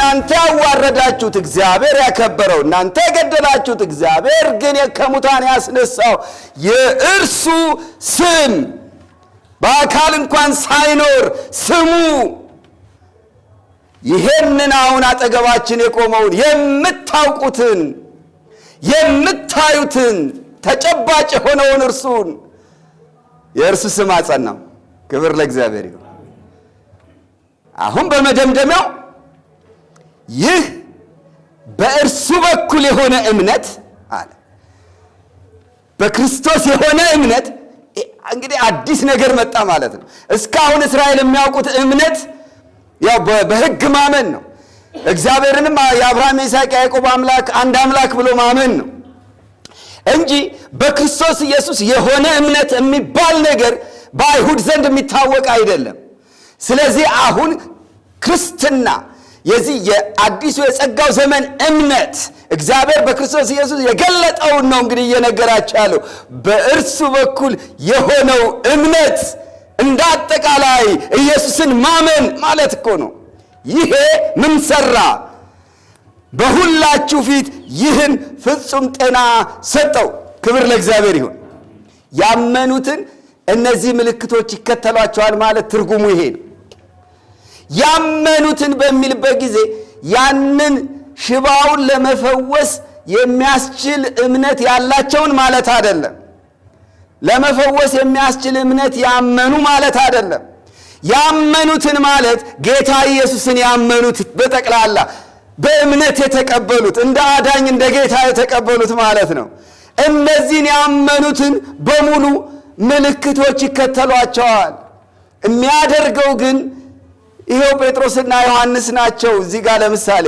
እናንተ ያዋረዳችሁት እግዚአብሔር ያከበረው፣ እናንተ የገደላችሁት እግዚአብሔር ግን ከሙታን ያስነሳው የእርሱ ስም በአካል እንኳን ሳይኖር ስሙ ይሄንን አሁን አጠገባችን የቆመውን የምታውቁትን የምታዩትን ተጨባጭ የሆነውን እርሱን የእርሱ ስም አጸናው። ክብር ለእግዚአብሔር ይሁን። አሁን በመደምደሚያው ይህ በእርሱ በኩል የሆነ እምነት አለ። በክርስቶስ የሆነ እምነት እንግዲህ አዲስ ነገር መጣ ማለት ነው። እስካሁን እስራኤል የሚያውቁት እምነት ያው በህግ ማመን ነው። እግዚአብሔርንም የአብርሃም የይስሐቅ ያዕቆብ አምላክ አንድ አምላክ ብሎ ማመን ነው እንጂ በክርስቶስ ኢየሱስ የሆነ እምነት የሚባል ነገር በአይሁድ ዘንድ የሚታወቅ አይደለም። ስለዚህ አሁን ክርስትና የዚህ የአዲሱ የጸጋው ዘመን እምነት እግዚአብሔር በክርስቶስ ኢየሱስ የገለጠውን ነው እንግዲህ እየነገራቸው ያለው በእርሱ በኩል የሆነው እምነት እንደ አጠቃላይ ኢየሱስን ማመን ማለት እኮ ነው። ይሄ ምን በሁላችሁ ፊት ይህን ፍጹም ጤና ሰጠው። ክብር ለእግዚአብሔር ይሁን። ያመኑትን እነዚህ ምልክቶች ይከተሏቸዋል ማለት ትርጉሙ ይሄ ነው። ያመኑትን በሚልበት ጊዜ ያንን ሽባውን ለመፈወስ የሚያስችል እምነት ያላቸውን ማለት አይደለም። ለመፈወስ የሚያስችል እምነት ያመኑ ማለት አይደለም። ያመኑትን ማለት ጌታ ኢየሱስን ያመኑት በጠቅላላ በእምነት የተቀበሉት እንደ አዳኝ እንደ ጌታ የተቀበሉት ማለት ነው። እነዚህን ያመኑትን በሙሉ ምልክቶች ይከተሏቸዋል። የሚያደርገው ግን ይሄው ጴጥሮስና ዮሐንስ ናቸው። እዚህ ጋር ለምሳሌ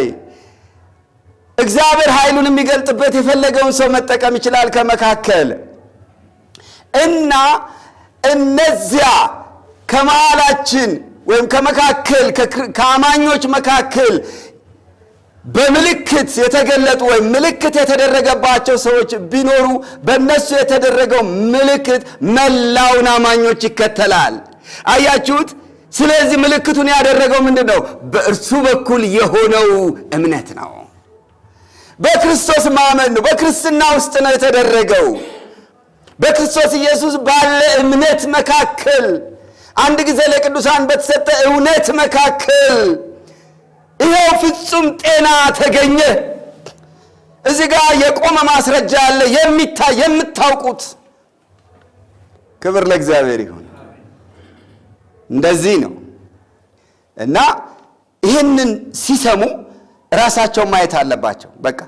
እግዚአብሔር ኃይሉን የሚገልጥበት የፈለገውን ሰው መጠቀም ይችላል። ከመካከል እና እነዚያ ከመሃላችን ወይም ከመካከል ከአማኞች መካከል በምልክት የተገለጡ ወይም ምልክት የተደረገባቸው ሰዎች ቢኖሩ በእነሱ የተደረገው ምልክት መላውን አማኞች ይከተላል። አያችሁት? ስለዚህ ምልክቱን ያደረገው ምንድን ነው? በእርሱ በኩል የሆነው እምነት ነው። በክርስቶስ ማመን ነው። በክርስትና ውስጥ ነው የተደረገው። በክርስቶስ ኢየሱስ ባለ እምነት መካከል አንድ ጊዜ ለቅዱሳን በተሰጠ እውነት መካከል ይኸው ፍጹም ጤና ተገኘ። እዚህ ጋር የቆመ ማስረጃ አለ፣ የሚታይ የምታውቁት። ክብር ለእግዚአብሔር ይሁን። እንደዚህ ነው እና ይህንን ሲሰሙ ራሳቸው ማየት አለባቸው። በቃ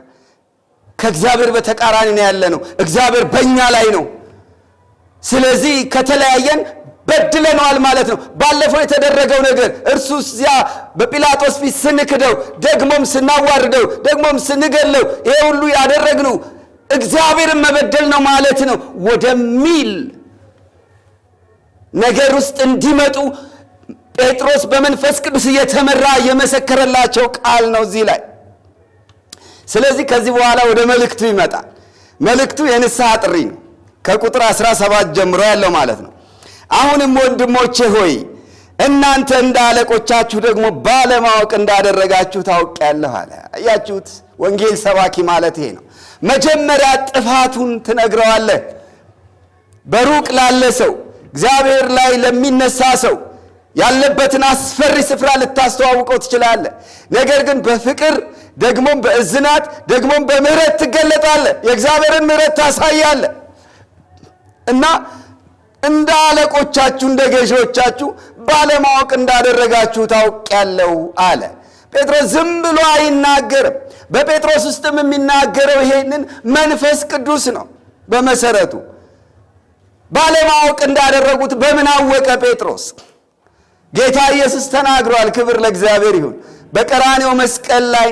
ከእግዚአብሔር በተቃራኒ ነው ያለ ነው። እግዚአብሔር በእኛ ላይ ነው። ስለዚህ ከተለያየን በድለነዋል ማለት ነው። ባለፈው የተደረገው ነገር እርሱ እዚያ በጲላጦስ ፊት ስንክደው፣ ደግሞም ስናዋርደው፣ ደግሞም ስንገለው ይሄ ሁሉ ያደረግነው እግዚአብሔርን መበደል ነው ማለት ነው ወደሚል ነገር ውስጥ እንዲመጡ ጴጥሮስ በመንፈስ ቅዱስ እየተመራ የመሰከረላቸው ቃል ነው እዚህ ላይ። ስለዚህ ከዚህ በኋላ ወደ መልእክቱ ይመጣል። መልእክቱ የንስሐ ጥሪ ነው፣ ከቁጥር 17 ጀምሮ ያለው ማለት ነው። አሁንም ወንድሞቼ ሆይ እናንተ እንደ አለቆቻችሁ ደግሞ ባለማወቅ እንዳደረጋችሁ ያለሁ አለ። እያችሁት ወንጌል ሰባኪ ማለት ይሄ ነው። መጀመሪያ ጥፋቱን ትነግረዋለህ በሩቅ ላለ ሰው እግዚአብሔር ላይ ለሚነሳ ሰው ያለበትን አስፈሪ ስፍራ ልታስተዋውቀው ትችላለ። ነገር ግን በፍቅር ደግሞም በእዝናት ደግሞም በምህረት ትገለጣለ። የእግዚአብሔርን ምህረት ታሳያለህ እና እንደ አለቆቻችሁ እንደ ገዢዎቻችሁ ባለማወቅ እንዳደረጋችሁ ታውቅ ያለው አለ። ጴጥሮስ ዝም ብሎ አይናገርም። በጴጥሮስ ውስጥም የሚናገረው ይሄንን መንፈስ ቅዱስ ነው በመሰረቱ ባለማወቅ እንዳደረጉት በምን አወቀ ጴጥሮስ? ጌታ ኢየሱስ ተናግሯል። ክብር ለእግዚአብሔር ይሁን። በቀራኔው መስቀል ላይ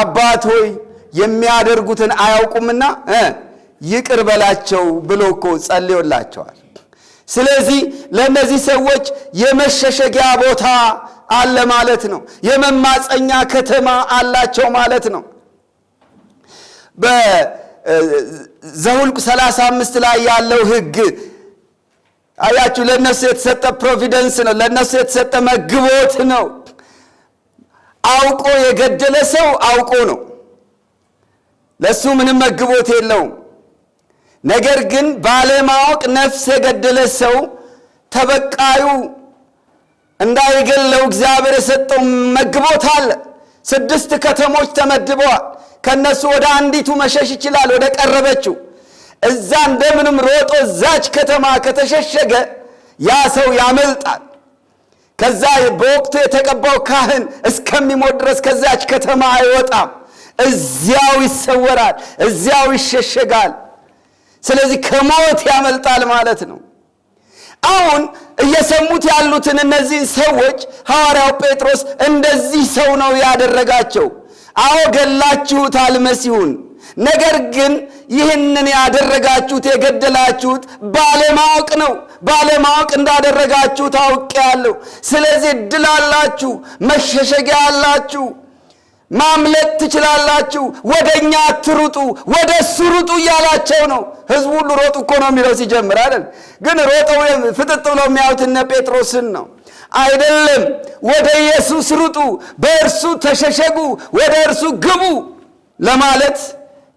አባት ሆይ የሚያደርጉትን አያውቁምና ይቅር በላቸው ብሎ እኮ ጸልዮላቸዋል። ስለዚህ ለእነዚህ ሰዎች የመሸሸጊያ ቦታ አለ ማለት ነው። የመማፀኛ ከተማ አላቸው ማለት ነው። ዘውልቁ 35 ላይ ያለው ህግ አያችሁ፣ ለእነሱ የተሰጠ ፕሮቪደንስ ነው። ለእነሱ የተሰጠ መግቦት ነው። አውቆ የገደለ ሰው አውቆ ነው፣ ለእሱ ምንም መግቦት የለውም። ነገር ግን ባለማወቅ ነፍስ የገደለ ሰው ተበቃዩ እንዳይገለው እግዚአብሔር የሰጠው መግቦት አለ። ስድስት ከተሞች ተመድበዋል። ከነሱ ወደ አንዲቱ መሸሽ ይችላል፣ ወደ ቀረበችው እዛ እንደምንም ሮጦ እዛች ከተማ ከተሸሸገ ያ ሰው ያመልጣል። ከዛ በወቅቱ የተቀባው ካህን እስከሚሞት ድረስ ከዛች ከተማ አይወጣም። እዚያው ይሰወራል፣ እዚያው ይሸሸጋል። ስለዚህ ከሞት ያመልጣል ማለት ነው። አሁን እየሰሙት ያሉትን እነዚህን ሰዎች ሐዋርያው ጴጥሮስ እንደዚህ ሰው ነው ያደረጋቸው። አዎ ገላችሁታል መሲሁን፣ ነገር ግን ይህንን ያደረጋችሁት የገደላችሁት ባለማወቅ ነው። ባለማወቅ እንዳደረጋችሁት ያለሁ ስለዚህ እድል አላችሁ፣ መሸሸጊያ አላችሁ። ማምለጥ ትችላላችሁ፣ ወደ እኛ አትሩጡ፣ ወደ እሱ ሩጡ እያላቸው ነው። ህዝቡ ሁሉ ሮጡ እኮ ነው የሚለው ሲጀምር አይደል? ግን ሮጠው ፍጥጥ ብለው የሚያዩት እነ ጴጥሮስን ነው። አይደለም፣ ወደ ኢየሱስ ሩጡ፣ በእርሱ ተሸሸጉ፣ ወደ እርሱ ግቡ ለማለት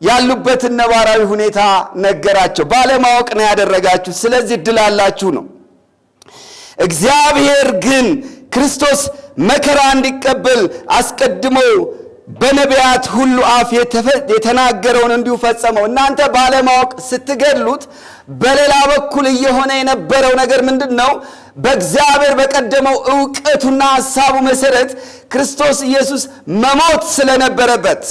ያሉበትን ነባራዊ ሁኔታ ነገራቸው። ባለማወቅ ነው ያደረጋችሁ፣ ስለዚህ እድል አላችሁ ነው። እግዚአብሔር ግን ክርስቶስ መከራ እንዲቀበል አስቀድሞ በነቢያት ሁሉ አፍ የተናገረውን እንዲሁ ፈጸመው። እናንተ ባለማወቅ ስትገድሉት፣ በሌላ በኩል እየሆነ የነበረው ነገር ምንድን ነው? በእግዚአብሔር በቀደመው እውቀቱና ሐሳቡ መሠረት ክርስቶስ ኢየሱስ መሞት ስለነበረበት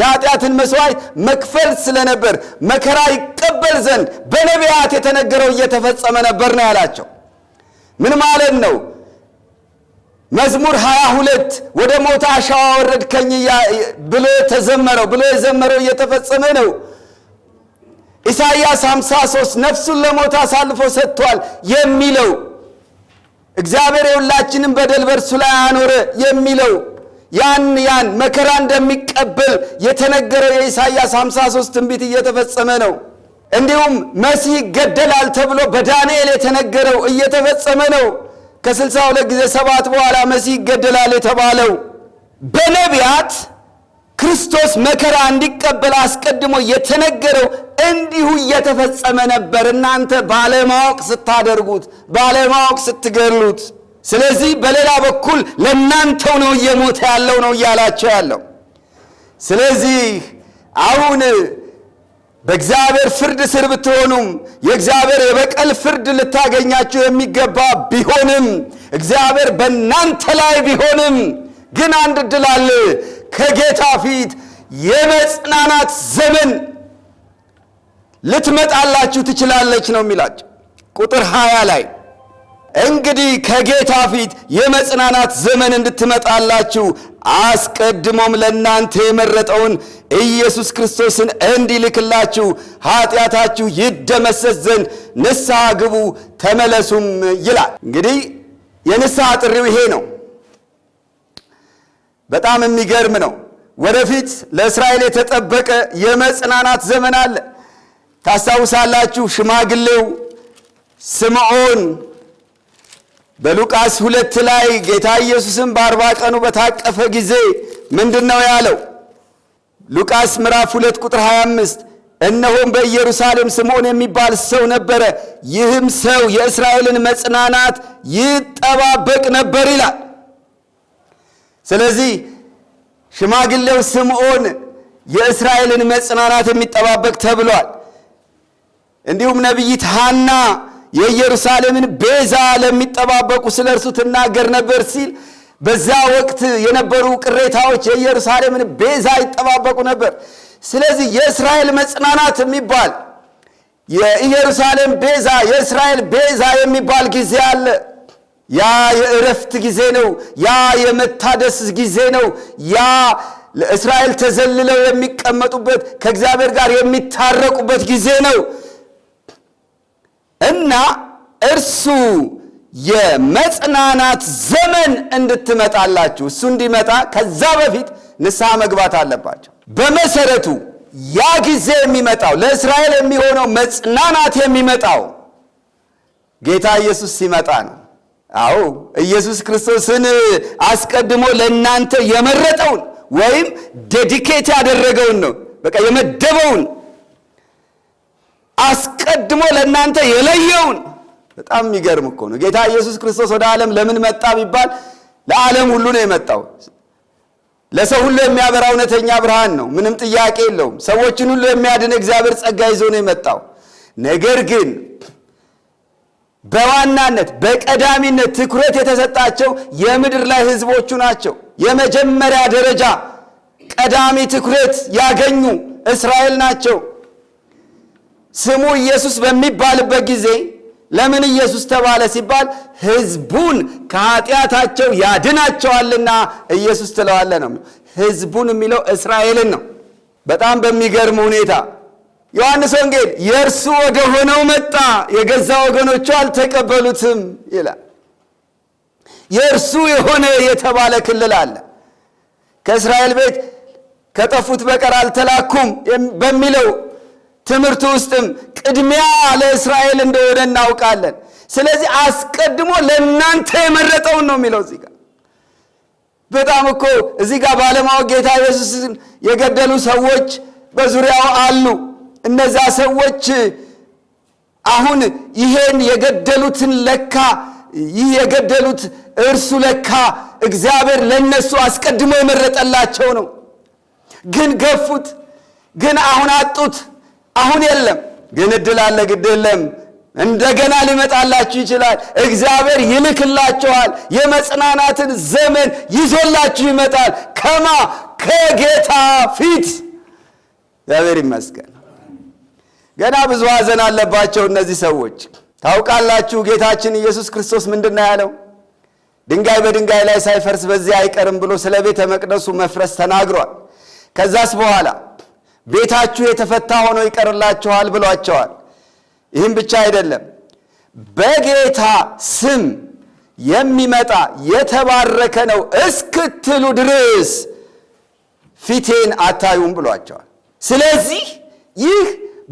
የኃጢአትን መሥዋዕት መክፈል ስለነበር መከራ ይቀበል ዘንድ በነቢያት የተነገረው እየተፈጸመ ነበር ነው ያላቸው። ምን ማለት ነው? መዝሙር 22 ወደ ሞት አሸዋ ወረድከኝ ብሎ ተዘመረው ብሎ የዘመረው እየተፈጸመ ነው። ኢሳይያስ 53 ነፍሱን ለሞት አሳልፎ ሰጥቷል የሚለው እግዚአብሔር የሁላችንም በደል በእርሱ ላይ አኖረ የሚለው ያን ያን መከራ እንደሚቀበል የተነገረው የኢሳይያስ 53 ትንቢት እየተፈጸመ ነው። እንዲሁም መሲህ ይገደላል ተብሎ በዳንኤል የተነገረው እየተፈጸመ ነው። ከስልሳ ሁለት ጊዜ ሰባት በኋላ መሲህ ይገደላል የተባለው በነቢያት ክርስቶስ መከራ እንዲቀበል አስቀድሞ የተነገረው እንዲሁ እየተፈጸመ ነበር፣ እናንተ ባለማወቅ ስታደርጉት፣ ባለማወቅ ስትገሉት ስለዚህ በሌላ በኩል ለእናንተው ነው እየሞተ ያለው ነው እያላቸው ያለው። ስለዚህ አሁን በእግዚአብሔር ፍርድ ስር ብትሆኑም የእግዚአብሔር የበቀል ፍርድ ልታገኛችሁ የሚገባ ቢሆንም እግዚአብሔር በእናንተ ላይ ቢሆንም ግን አንድ እድል አለ። ከጌታ ፊት የመጽናናት ዘመን ልትመጣላችሁ ትችላለች ነው የሚላቸው ቁጥር ሃያ ላይ እንግዲህ ከጌታ ፊት የመጽናናት ዘመን እንድትመጣላችሁ አስቀድሞም ለእናንተ የመረጠውን ኢየሱስ ክርስቶስን እንዲልክላችሁ ኃጢአታችሁ ይደመሰስ ዘንድ ንስሐ ግቡ ተመለሱም ይላል። እንግዲህ የንስሐ ጥሪው ይሄ ነው። በጣም የሚገርም ነው። ወደፊት ለእስራኤል የተጠበቀ የመጽናናት ዘመን አለ። ታስታውሳላችሁ። ሽማግሌው ስምዖን በሉቃስ ሁለት ላይ ጌታ ኢየሱስን በአርባ ቀኑ በታቀፈ ጊዜ ምንድን ነው ያለው? ሉቃስ ምዕራፍ ሁለት ቁጥር 25 እነሆም በኢየሩሳሌም ስምዖን የሚባል ሰው ነበረ፣ ይህም ሰው የእስራኤልን መጽናናት ይጠባበቅ ነበር ይላል። ስለዚህ ሽማግሌው ስምዖን የእስራኤልን መጽናናት የሚጠባበቅ ተብሏል። እንዲሁም ነቢይት ሐና የኢየሩሳሌምን ቤዛ ለሚጠባበቁ ስለ እርሱ ትናገር ነበር ሲል በዛ ወቅት የነበሩ ቅሬታዎች የኢየሩሳሌምን ቤዛ ይጠባበቁ ነበር። ስለዚህ የእስራኤል መጽናናት የሚባል የኢየሩሳሌም ቤዛ የእስራኤል ቤዛ የሚባል ጊዜ አለ። ያ የእረፍት ጊዜ ነው። ያ የመታደስ ጊዜ ነው። ያ ለእስራኤል ተዘልለው የሚቀመጡበት ከእግዚአብሔር ጋር የሚታረቁበት ጊዜ ነው። እና እርሱ የመጽናናት ዘመን እንድትመጣላችሁ እሱ እንዲመጣ ከዛ በፊት ንስሐ መግባት አለባቸው። በመሰረቱ ያ ጊዜ የሚመጣው ለእስራኤል የሚሆነው መጽናናት የሚመጣው ጌታ ኢየሱስ ሲመጣ ነው። አዎ ኢየሱስ ክርስቶስን አስቀድሞ ለእናንተ የመረጠውን ወይም ዴዲኬት ያደረገውን ነው፣ በቃ የመደበውን አስቀድሞ ለእናንተ የለየውን በጣም የሚገርም እኮ ነው። ጌታ ኢየሱስ ክርስቶስ ወደ ዓለም ለምን መጣ ቢባል ለዓለም ሁሉ ነው የመጣው። ለሰው ሁሉ የሚያበራ እውነተኛ ብርሃን ነው። ምንም ጥያቄ የለውም። ሰዎችን ሁሉ የሚያድን እግዚአብሔር ጸጋ ይዞ ነው የመጣው። ነገር ግን በዋናነት በቀዳሚነት ትኩረት የተሰጣቸው የምድር ላይ ህዝቦቹ ናቸው። የመጀመሪያ ደረጃ ቀዳሚ ትኩረት ያገኙ እስራኤል ናቸው። ስሙ ኢየሱስ በሚባልበት ጊዜ ለምን ኢየሱስ ተባለ ሲባል ህዝቡን ከኃጢአታቸው ያድናቸዋልና ኢየሱስ ትለዋለ ነው። ህዝቡን የሚለው እስራኤልን ነው። በጣም በሚገርም ሁኔታ ዮሐንስ ወንጌል የእርሱ ወደ ሆነው መጣ፣ የገዛ ወገኖቹ አልተቀበሉትም ይላል። የእርሱ የሆነ የተባለ ክልል አለ። ከእስራኤል ቤት ከጠፉት በቀር አልተላኩም በሚለው ትምህርት ውስጥም ቅድሚያ ለእስራኤል እንደሆነ እናውቃለን። ስለዚህ አስቀድሞ ለእናንተ የመረጠውን ነው የሚለው እዚህ ጋር። በጣም እኮ እዚህ ጋር ባለማወቅ ጌታ ኢየሱስን የገደሉ ሰዎች በዙሪያው አሉ። እነዛ ሰዎች አሁን ይሄን የገደሉትን ለካ ይህ የገደሉት እርሱ ለካ እግዚአብሔር ለነሱ አስቀድሞ የመረጠላቸው ነው። ግን ገፉት፣ ግን አሁን አጡት። አሁን የለም፣ ግን እድል አለ። ግድ የለም እንደገና ሊመጣላችሁ ይችላል። እግዚአብሔር ይልክላችኋል። የመጽናናትን ዘመን ይዞላችሁ ይመጣል። ከማ ከጌታ ፊት እግዚአብሔር ይመስገን። ገና ብዙ ሐዘን አለባቸው እነዚህ ሰዎች። ታውቃላችሁ ጌታችን ኢየሱስ ክርስቶስ ምንድን ነው ያለው? ድንጋይ በድንጋይ ላይ ሳይፈርስ በዚህ አይቀርም ብሎ ስለ ቤተ መቅደሱ መፍረስ ተናግሯል። ከዛስ በኋላ ቤታችሁ የተፈታ ሆኖ ይቀርላችኋል ብሏቸዋል። ይህም ብቻ አይደለም፣ በጌታ ስም የሚመጣ የተባረከ ነው እስክትሉ ድረስ ፊቴን አታዩም ብሏቸዋል። ስለዚህ ይህ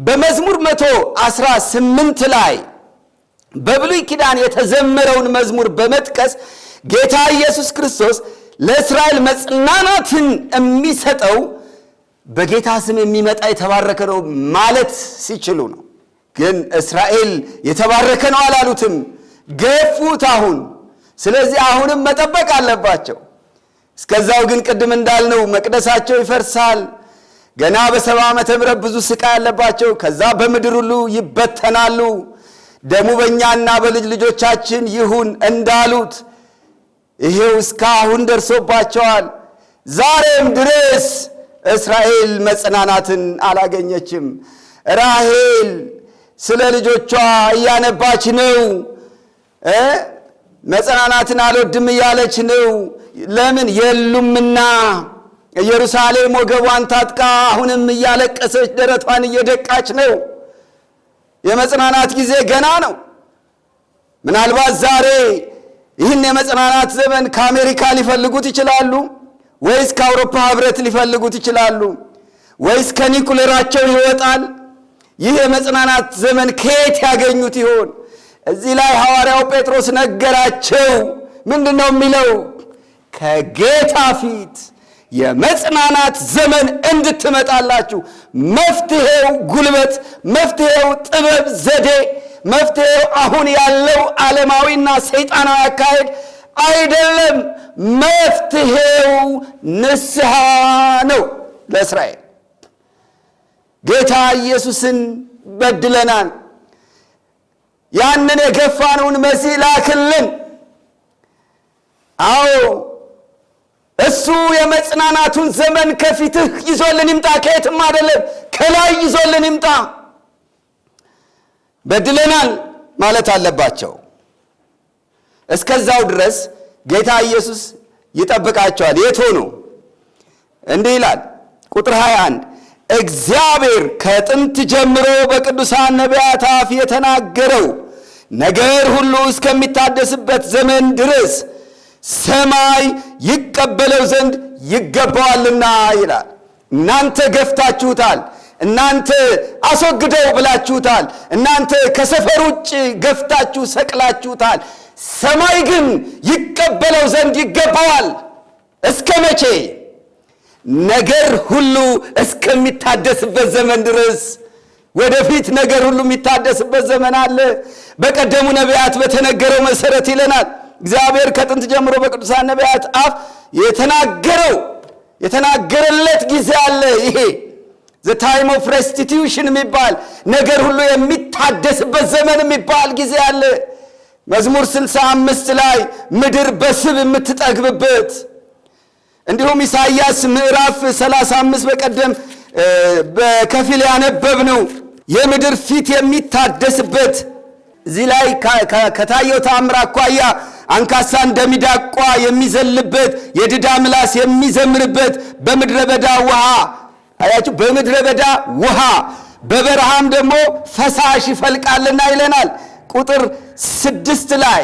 በመዝሙር መቶ አስራ ስምንት ላይ በብሉይ ኪዳን የተዘመረውን መዝሙር በመጥቀስ ጌታ ኢየሱስ ክርስቶስ ለእስራኤል መጽናናትን የሚሰጠው በጌታ ስም የሚመጣ የተባረከ ነው ማለት ሲችሉ ነው። ግን እስራኤል የተባረከ ነው አላሉትም፣ ገፉት። አሁን ስለዚህ አሁንም መጠበቅ አለባቸው። እስከዛው ግን ቅድም እንዳልነው መቅደሳቸው ይፈርሳል። ገና በሰባ ዓመተ ምሕረት ብዙ ስቃይ አለባቸው። ከዛ በምድር ሁሉ ይበተናሉ። ደሙ በእኛና በልጅ ልጆቻችን ይሁን እንዳሉት ይሄው እስካሁን ደርሶባቸዋል ዛሬም ድረስ እስራኤል መጽናናትን አላገኘችም። ራሄል ስለ ልጆቿ እያነባች ነው። መጽናናትን አልወድም እያለች ነው። ለምን የሉምና ኢየሩሳሌም ወገቧን ታጥቃ አሁንም እያለቀሰች ደረቷን እየደቃች ነው። የመጽናናት ጊዜ ገና ነው። ምናልባት ዛሬ ይህን የመጽናናት ዘመን ከአሜሪካ ሊፈልጉት ይችላሉ። ወይስ ከአውሮፓ ህብረት ሊፈልጉት ይችላሉ? ወይስ ከኒኩሌራቸው ይወጣል? ይህ የመጽናናት ዘመን ከየት ያገኙት ይሆን? እዚህ ላይ ሐዋርያው ጴጥሮስ ነገራቸው። ምንድን ነው የሚለው? ከጌታ ፊት የመጽናናት ዘመን እንድትመጣላችሁ መፍትሔው ጉልበት፣ መፍትሔው ጥበብ ዘዴ፣ መፍትሔው አሁን ያለው ዓለማዊና ሰይጣናዊ አካሄድ አይደለም፣ መፍትሄው ንስሐ ነው። ለእስራኤል ጌታ ኢየሱስን በድለናል፣ ያንን የገፋነውን መሲህ ላክልን። አዎ እሱ የመጽናናቱን ዘመን ከፊትህ ይዞልን ይምጣ። ከየትም አይደለም ከላይ ይዞልን ይምጣ። በድለናል ማለት አለባቸው። እስከዛው ድረስ ጌታ ኢየሱስ ይጠብቃቸዋል። የት ሆኖ እንዲህ ይላል ቁጥር 21 እግዚአብሔር ከጥንት ጀምሮ በቅዱሳን ነቢያት አፍ የተናገረው ነገር ሁሉ እስከሚታደስበት ዘመን ድረስ ሰማይ ይቀበለው ዘንድ ይገባዋልና ይላል። እናንተ ገፍታችሁታል፣ እናንተ አስወግደው ብላችሁታል፣ እናንተ ከሰፈር ውጭ ገፍታችሁ ሰቅላችሁታል። ሰማይ ግን ይቀበለው ዘንድ ይገባዋል። እስከ መቼ? ነገር ሁሉ እስከሚታደስበት ዘመን ድረስ። ወደፊት ነገር ሁሉ የሚታደስበት ዘመን አለ። በቀደሙ ነቢያት በተነገረው መሰረት ይለናል። እግዚአብሔር ከጥንት ጀምሮ በቅዱሳን ነቢያት አፍ የተናገረው የተናገረለት ጊዜ አለ። ይሄ ዘ ታይም ኦፍ ሬስቲቲዩሽን የሚባል ነገር ሁሉ የሚታደስበት ዘመን የሚባል ጊዜ አለ። መዝሙር 65 ላይ ምድር በስብ የምትጠግብበት እንዲሁም ኢሳይያስ ምዕራፍ 35 በቀደም በከፊል ያነበብ ነው የምድር ፊት የሚታደስበት እዚህ ላይ ከታየው ተአምር አኳያ አንካሳ እንደሚዳቋ የሚዘልበት የድዳ ምላስ የሚዘምርበት በምድረ በዳ ውሃ አያችሁ በምድረ በዳ ውሃ በበረሃም ደግሞ ፈሳሽ ይፈልቃልና ይለናል ቁጥር ስድስት ላይ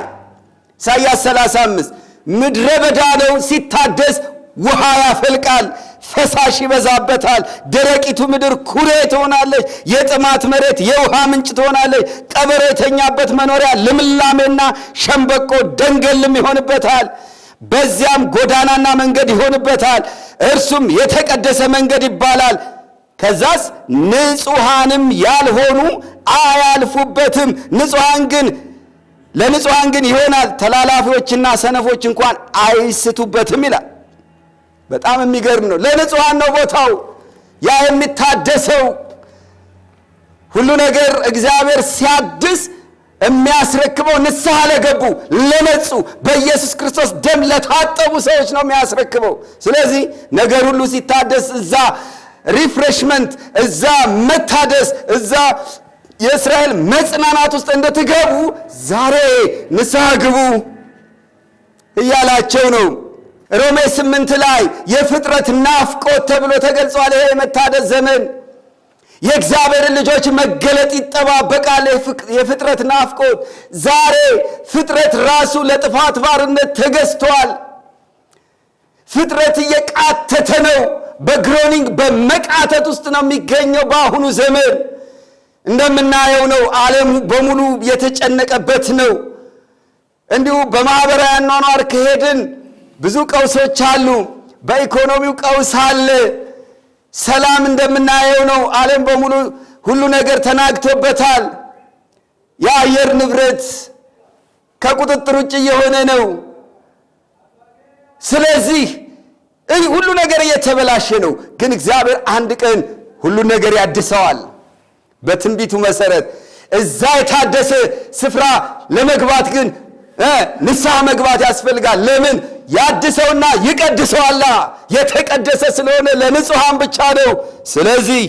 ኢሳያስ 35 ምድረ በዳ ነው ሲታደስ ውሃ ያፈልቃል፣ ፈሳሽ ይበዛበታል። ደረቂቱ ምድር ኩሬ ትሆናለች፣ የጥማት መሬት የውሃ ምንጭ ትሆናለች። ቀበሮ የተኛበት መኖሪያ ልምላሜና ሸንበቆ ደንገልም ይሆንበታል። በዚያም ጎዳናና መንገድ ይሆንበታል፣ እርሱም የተቀደሰ መንገድ ይባላል። ከዛስ ንጹሐንም ያልሆኑ አያልፉበትም፣ ንጹሐን ግን ለንጹሐን ግን ይሆናል፣ ተላላፊዎችና ሰነፎች እንኳን አይስቱበትም ይላል። በጣም የሚገርም ነው። ለንጹሐን ነው ቦታው ያ የሚታደሰው ሁሉ ነገር እግዚአብሔር ሲያድስ የሚያስረክበው ንስሐ ለገቡ ለነጹ፣ በኢየሱስ ክርስቶስ ደም ለታጠቡ ሰዎች ነው የሚያስረክበው። ስለዚህ ነገር ሁሉ ሲታደስ እዛ ሪፍሬሽመንት፣ እዛ መታደስ፣ እዛ የእስራኤል መጽናናት ውስጥ እንደትገቡ ዛሬ ንስሐ ግቡ እያላቸው ነው። ሮሜ ስምንት ላይ የፍጥረት ናፍቆት ተብሎ ተገልጿል። ይሄ የመታደስ ዘመን የእግዚአብሔር ልጆች መገለጥ ይጠባበቃል። የፍጥረት ናፍቆት ዛሬ ፍጥረት ራሱ ለጥፋት ባርነት ተገዝቷል። ፍጥረት እየቃተተ ነው። በግሮኒንግ በመቃተት ውስጥ ነው የሚገኘው በአሁኑ ዘመን እንደምናየው ነው። ዓለም በሙሉ የተጨነቀበት ነው። እንዲሁ በማኅበራዊ አኗኗር ከሄድን ብዙ ቀውሶች አሉ። በኢኮኖሚው ቀውስ አለ። ሰላም እንደምናየው ነው። ዓለም በሙሉ ሁሉ ነገር ተናግቶበታል። የአየር ንብረት ከቁጥጥር ውጭ እየሆነ ነው። ስለዚህ ሁሉ ነገር እየተበላሸ ነው። ግን እግዚአብሔር አንድ ቀን ሁሉ ነገር ያድሰዋል። በትንቢቱ መሰረት እዛ የታደሰ ስፍራ ለመግባት ግን ንስሐ መግባት ያስፈልጋል። ለምን? ያድሰውና ይቀድሰዋል። የተቀደሰ ስለሆነ ለንጹሐን ብቻ ነው። ስለዚህ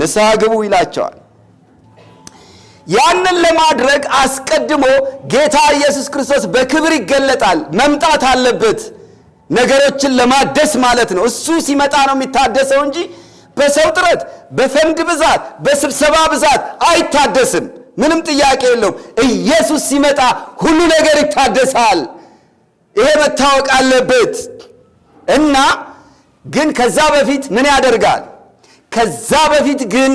ንስሐ ግቡ ይላቸዋል። ያንን ለማድረግ አስቀድሞ ጌታ ኢየሱስ ክርስቶስ በክብር ይገለጣል። መምጣት አለበት፣ ነገሮችን ለማደስ ማለት ነው። እሱ ሲመጣ ነው የሚታደሰው እንጂ በሰው ጥረት፣ በፈንድ ብዛት፣ በስብሰባ ብዛት አይታደስም። ምንም ጥያቄ የለውም። ኢየሱስ ሲመጣ ሁሉ ነገር ይታደሳል። ይሄ መታወቅ አለበት እና ግን ከዛ በፊት ምን ያደርጋል? ከዛ በፊት ግን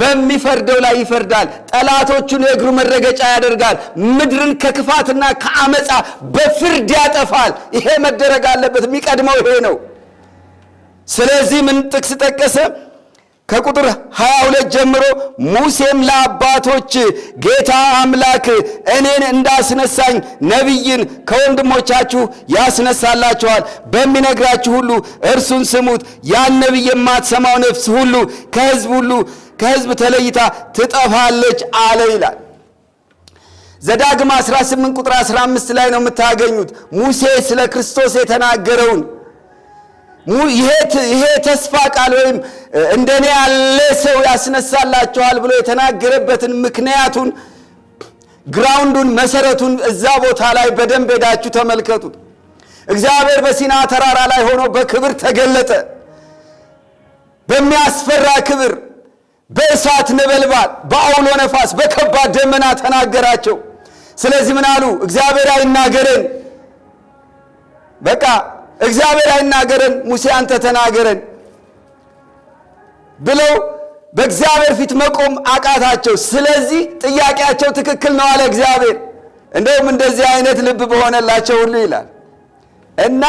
በሚፈርደው ላይ ይፈርዳል። ጠላቶቹን የእግሩ መረገጫ ያደርጋል። ምድርን ከክፋትና ከአመፃ በፍርድ ያጠፋል። ይሄ መደረግ አለበት። የሚቀድመው ይሄ ነው። ስለዚህ ምን ጥቅስ ጠቀሰ? ከቁጥር 22 ጀምሮ ሙሴም ለአባቶች ጌታ አምላክ እኔን እንዳስነሳኝ ነቢይን ከወንድሞቻችሁ ያስነሳላችኋል፣ በሚነግራችሁ ሁሉ እርሱን ስሙት። ያን ነቢይ የማትሰማው ነፍስ ሁሉ ከሕዝብ ሁሉ ከሕዝብ ተለይታ ትጠፋለች አለ ይላል። ዘዳግም 18 ቁጥር 15 ላይ ነው የምታገኙት ሙሴ ስለ ክርስቶስ የተናገረውን ይሄ ተስፋ ቃል ወይም እንደኔ ያለ ሰው ያስነሳላችኋል ብሎ የተናገረበትን ምክንያቱን ግራውንዱን መሰረቱን እዛ ቦታ ላይ በደንብ ሄዳችሁ ተመልከቱት። እግዚአብሔር በሲና ተራራ ላይ ሆኖ በክብር ተገለጠ። በሚያስፈራ ክብር፣ በእሳት ነበልባል፣ በአውሎ ነፋስ፣ በከባድ ደመና ተናገራቸው። ስለዚህ ምን አሉ? እግዚአብሔር አይናገረን በቃ እግዚአብሔር አይናገረን፣ ሙሴ አንተ ተናገረን ብለው በእግዚአብሔር ፊት መቆም አቃታቸው። ስለዚህ ጥያቄያቸው ትክክል ነው አለ እግዚአብሔር። እንደውም እንደዚህ አይነት ልብ በሆነላቸው ሁሉ ይላል እና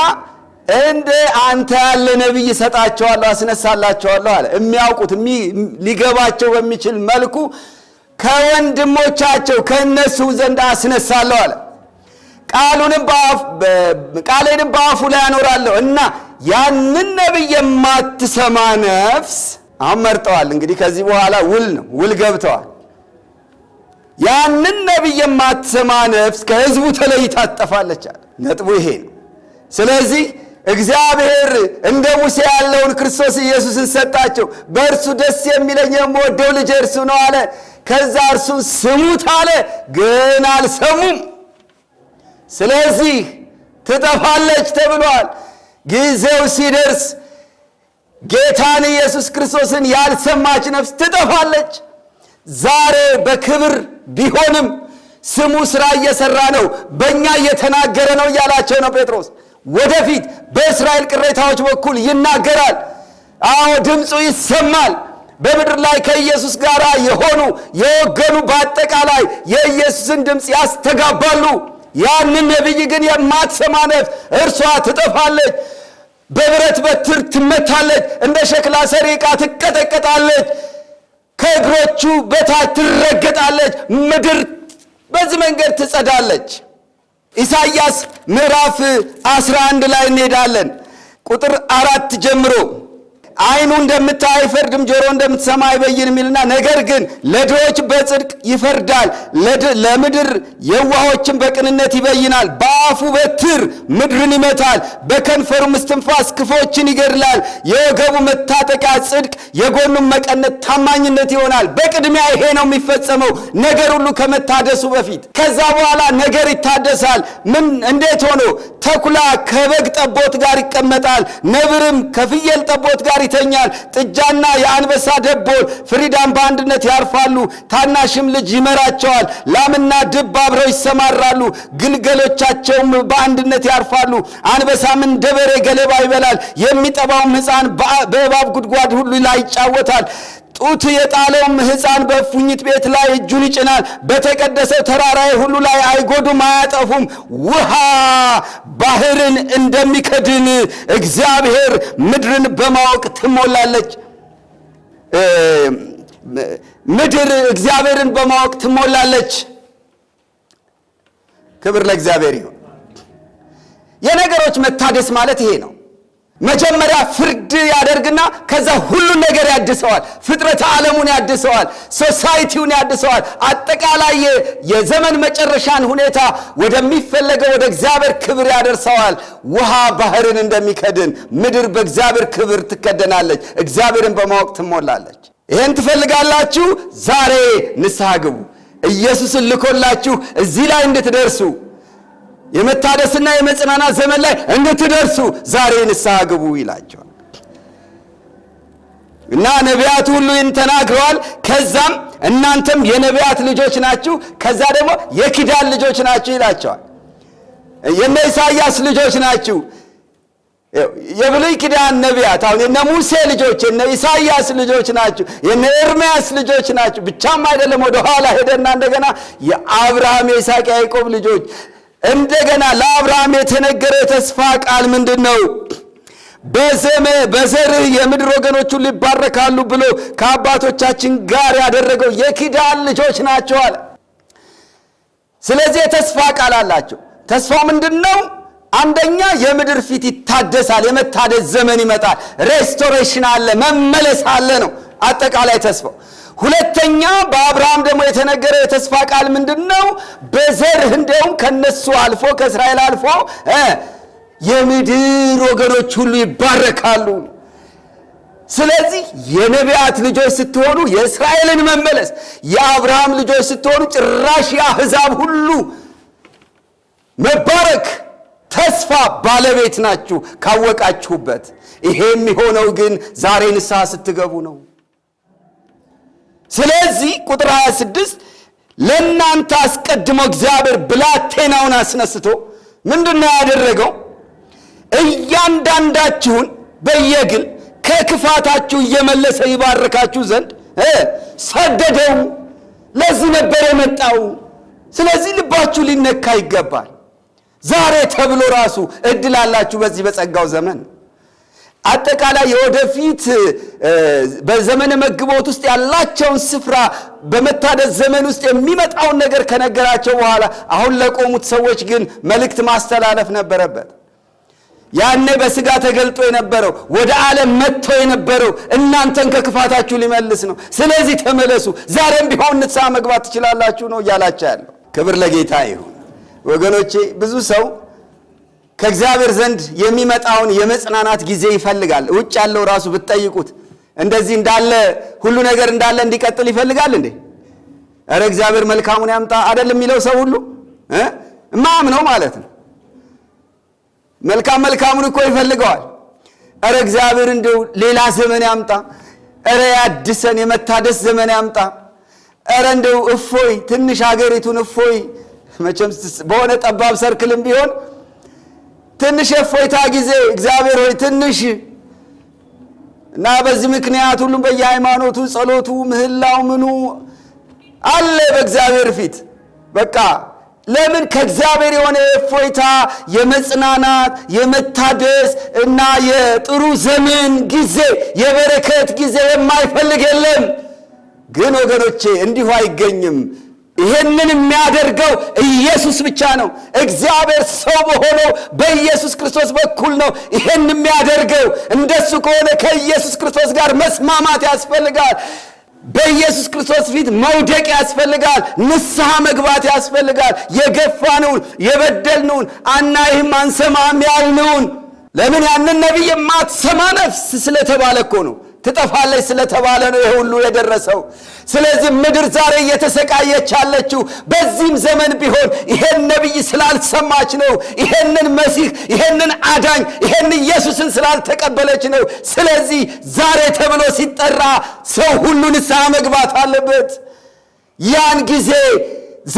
እንደ አንተ ያለ ነቢይ እሰጣቸዋለሁ፣ አስነሳላቸዋለሁ አለ። የሚያውቁት ሊገባቸው በሚችል መልኩ ከወንድሞቻቸው ከእነሱ ዘንድ አስነሳለሁ አለ። ቃሌንም በአፉ ላይ ያኖራለሁ እና ያንን ነቢይ የማትሰማ ነፍስ አሁን መርጠዋል። እንግዲህ ከዚህ በኋላ ውል ነው፣ ውል ገብተዋል። ያንን ነቢይ የማትሰማ ነፍስ ከህዝቡ ተለይታ ትጠፋለች አለ። ነጥቡ ይሄ ነው። ስለዚህ እግዚአብሔር እንደ ሙሴ ያለውን ክርስቶስ ኢየሱስን ሰጣቸው። በእርሱ ደስ የሚለኝ የምወደው ልጅ እርሱ ነው አለ። ከዛ እርሱን ስሙት አለ፣ ግን አልሰሙም። ስለዚህ ትጠፋለች ተብሏል። ጊዜው ሲደርስ ጌታን ኢየሱስ ክርስቶስን ያልሰማች ነፍስ ትጠፋለች። ዛሬ በክብር ቢሆንም ስሙ ሥራ እየሠራ ነው፣ በእኛ እየተናገረ ነው እያላቸው ነው ጴጥሮስ። ወደፊት በእስራኤል ቅሬታዎች በኩል ይናገራል። አዎ ድምፁ ይሰማል። በምድር ላይ ከኢየሱስ ጋር የሆኑ የወገኑ በአጠቃላይ የኢየሱስን ድምፅ ያስተጋባሉ። ያንን ነቢይ ግን የማትሰማ ነፍስ እርሷ ትጠፋለች፣ በብረት በትር ትመታለች፣ እንደ ሸክላ ሰሪ ዕቃ ትቀጠቀጣለች፣ ከእግሮቹ በታች ትረገጣለች፣ ምድር በዚህ መንገድ ትጸዳለች። ኢሳይያስ ምዕራፍ 11 ላይ እንሄዳለን ቁጥር አራት ጀምሮ አይኑ እንደምታይ አይፈርድም፣ ጆሮ እንደምትሰማ አይበይን የሚልና ነገር ግን ለድሆች በጽድቅ ይፈርዳል፣ ለምድር የዋሆችን በቅንነት ይበይናል። በአፉ በትር ምድርን ይመታል፣ በከንፈሩ ምስትንፋስ ክፎችን ይገድላል። የወገቡ መታጠቂያ ጽድቅ፣ የጎኑም መቀነት ታማኝነት ይሆናል። በቅድሚያ ይሄ ነው የሚፈጸመው ነገር ሁሉ ከመታደሱ በፊት። ከዛ በኋላ ነገር ይታደሳል። ምን እንዴት ሆኖ? ተኩላ ከበግ ጠቦት ጋር ይቀመጣል፣ ነብርም ከፍየል ጠቦት ጋር ይተኛል። ጥጃና የአንበሳ ደቦል ፍሪዳም በአንድነት ያርፋሉ። ታናሽም ልጅ ይመራቸዋል። ላምና ድብ አብረው ይሰማራሉ። ግልገሎቻቸውም በአንድነት ያርፋሉ። አንበሳም እንደ በሬ ገለባ ይበላል። የሚጠባውም ሕፃን በእባብ ጉድጓድ ሁሉ ላይ ይጫወታል። ጡት የጣለውም ሕፃን በእፉኝት ቤት ላይ እጁን ይጭናል። በተቀደሰ ተራራ ሁሉ ላይ አይጎዱም፣ አያጠፉም። ውሃ ባህርን እንደሚከድን እግዚአብሔር ምድርን በማወቅ ትሞላለች። ምድር እግዚአብሔርን በማወቅ ትሞላለች። ክብር ለእግዚአብሔር ይሁን። የነገሮች መታደስ ማለት ይሄ ነው። መጀመሪያ ፍርድ ያደርግና ከዛ ሁሉን ነገር ያድሰዋል። ፍጥረተ ዓለሙን ያድሰዋል። ሶሳይቲውን ያድሰዋል። አጠቃላይ የዘመን መጨረሻን ሁኔታ ወደሚፈለገው ወደ እግዚአብሔር ክብር ያደርሰዋል። ውሃ ባህርን እንደሚከድን ምድር በእግዚአብሔር ክብር ትከደናለች፣ እግዚአብሔርን በማወቅ ትሞላለች። ይህን ትፈልጋላችሁ? ዛሬ ንስሐ ግቡ። ኢየሱስን ልኮላችሁ እዚህ ላይ እንድትደርሱ የመታደስና የመጽናናት ዘመን ላይ እንድትደርሱ ዛሬ ንስሐ ግቡ ይላቸዋል እና ነቢያት ሁሉ ይህን ተናግረዋል። ከዛም እናንተም የነቢያት ልጆች ናችሁ፣ ከዛ ደግሞ የኪዳን ልጆች ናችሁ ይላቸዋል። የነ ኢሳያስ ልጆች ናችሁ። የብሉይ ኪዳን ነቢያት አሁን የነ ሙሴ ልጆች የነ ኢሳያስ ልጆች ናችሁ፣ የነ ኤርምያስ ልጆች ናችሁ። ብቻም አይደለም ወደኋላ ሄደና እንደገና የአብርሃም የይስሐቅ፣ ያዕቆብ ልጆች እንደገና ለአብርሃም የተነገረ የተስፋ ቃል ምንድን ነው? በዘመ በዘርህ የምድር ወገኖች ሁሉ ይባረካሉ ብሎ ከአባቶቻችን ጋር ያደረገው የኪዳን ልጆች ናቸው አለ። ስለዚህ የተስፋ ቃል አላቸው። ተስፋ ምንድን ነው? አንደኛ የምድር ፊት ይታደሳል፣ የመታደስ ዘመን ይመጣል፣ ሬስቶሬሽን አለ፣ መመለስ አለ ነው አጠቃላይ ተስፋው። ሁለተኛ በአብርሃም ደግሞ የተነገረ የተስፋ ቃል ምንድን ነው? በዘርህ እንዲያውም ከነሱ አልፎ ከእስራኤል አልፎ የምድር ወገኖች ሁሉ ይባረካሉ። ስለዚህ የነቢያት ልጆች ስትሆኑ የእስራኤልን መመለስ፣ የአብርሃም ልጆች ስትሆኑ ጭራሽ የአሕዛብ ሁሉ መባረክ ተስፋ ባለቤት ናችሁ ካወቃችሁበት። ይሄ የሚሆነው ግን ዛሬ ንስሐ ስትገቡ ነው። ስለዚህ ቁጥር 26 ለእናንተ አስቀድሞ እግዚአብሔር ብላቴናውን አስነስቶ ምንድነው ያደረገው? እያንዳንዳችሁን በየግል ከክፋታችሁ እየመለሰ ይባርካችሁ ዘንድ ሰደደው። ለዚህ ነበር የመጣው። ስለዚህ ልባችሁ ሊነካ ይገባል። ዛሬ ተብሎ ራሱ እድል አላችሁ በዚህ በጸጋው ዘመን አጠቃላይ የወደፊት በዘመነ መግቦት ውስጥ ያላቸውን ስፍራ በመታደስ ዘመን ውስጥ የሚመጣውን ነገር ከነገራቸው በኋላ አሁን ለቆሙት ሰዎች ግን መልእክት ማስተላለፍ ነበረበት። ያኔ በስጋ ተገልጦ የነበረው ወደ ዓለም መጥቶ የነበረው እናንተን ከክፋታችሁ ሊመልስ ነው። ስለዚህ ተመለሱ፣ ዛሬም ቢሆን ንስሐ መግባት ትችላላችሁ ነው እያላቸው ያለው። ክብር ለጌታ ይሁን ወገኖቼ ብዙ ሰው ከእግዚአብሔር ዘንድ የሚመጣውን የመጽናናት ጊዜ ይፈልጋል። ውጭ ያለው ራሱ ብትጠይቁት እንደዚህ እንዳለ ሁሉ ነገር እንዳለ እንዲቀጥል ይፈልጋል እንዴ? እረ እግዚአብሔር መልካሙን ያምጣ አደል የሚለው ሰው ሁሉ ነው ማለት ነው። መልካም መልካሙን እኮ ይፈልገዋል። እረ እግዚአብሔር እንደው ሌላ ዘመን ያምጣ፣ እረ ያድሰን፣ የመታደስ ዘመን ያምጣ፣ እረ እንደው እፎይ ትንሽ ሀገሪቱን እፎይ መቼም በሆነ ጠባብ ሰርክልም ቢሆን ትንሽ የእፎይታ ጊዜ እግዚአብሔር ሆይ ትንሽ እና በዚህ ምክንያት ሁሉም በየሃይማኖቱ ጸሎቱ፣ ምህላው፣ ምኑ አለ በእግዚአብሔር ፊት በቃ ለምን ከእግዚአብሔር የሆነ የእፎይታ የመጽናናት የመታደስ እና የጥሩ ዘመን ጊዜ የበረከት ጊዜ የማይፈልግ የለም። ግን ወገኖቼ እንዲሁ አይገኝም። ይህንን የሚያደርገው ኢየሱስ ብቻ ነው። እግዚአብሔር ሰው በሆነው በኢየሱስ ክርስቶስ በኩል ነው ይህን የሚያደርገው። እንደሱ ከሆነ ከኢየሱስ ክርስቶስ ጋር መስማማት ያስፈልጋል። በኢየሱስ ክርስቶስ ፊት መውደቅ ያስፈልጋል። ንስሐ መግባት ያስፈልጋል። የገፋነውን የበደልነውን፣ አናይህም አንሰማህም ያልነውን ለምን ያንን ነቢይ የማትሰማ ነፍስ ስለተባለ እኮ ነው። ትጠፋለች ስለተባለ ነው የሁሉ ሁሉ የደረሰው። ስለዚህ ምድር ዛሬ እየተሰቃየች ያለችው በዚህም ዘመን ቢሆን ይሄን ነቢይ ስላልሰማች ነው። ይሄንን መሲህ፣ ይሄንን አዳኝ፣ ይሄን ኢየሱስን ስላልተቀበለች ነው። ስለዚህ ዛሬ ተብሎ ሲጠራ ሰው ሁሉ ንስሐ መግባት አለበት። ያን ጊዜ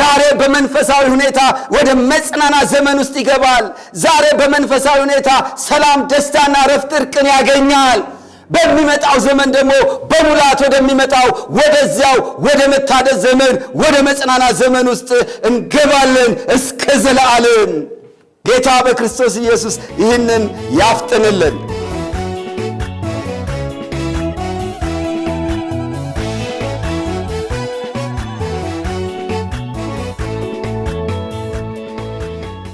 ዛሬ በመንፈሳዊ ሁኔታ ወደ መጽናና ዘመን ውስጥ ይገባል። ዛሬ በመንፈሳዊ ሁኔታ ሰላም፣ ደስታና ረፍት እርቅን ያገኛል። በሚመጣው ዘመን ደግሞ በሙላት ወደሚመጣው ወደዚያው ወደ መታደስ ዘመን ወደ መጽናናት ዘመን ውስጥ እንገባለን እስከ ዘለዓለም ጌታ በክርስቶስ ኢየሱስ ይህንን ያፍጥንልን።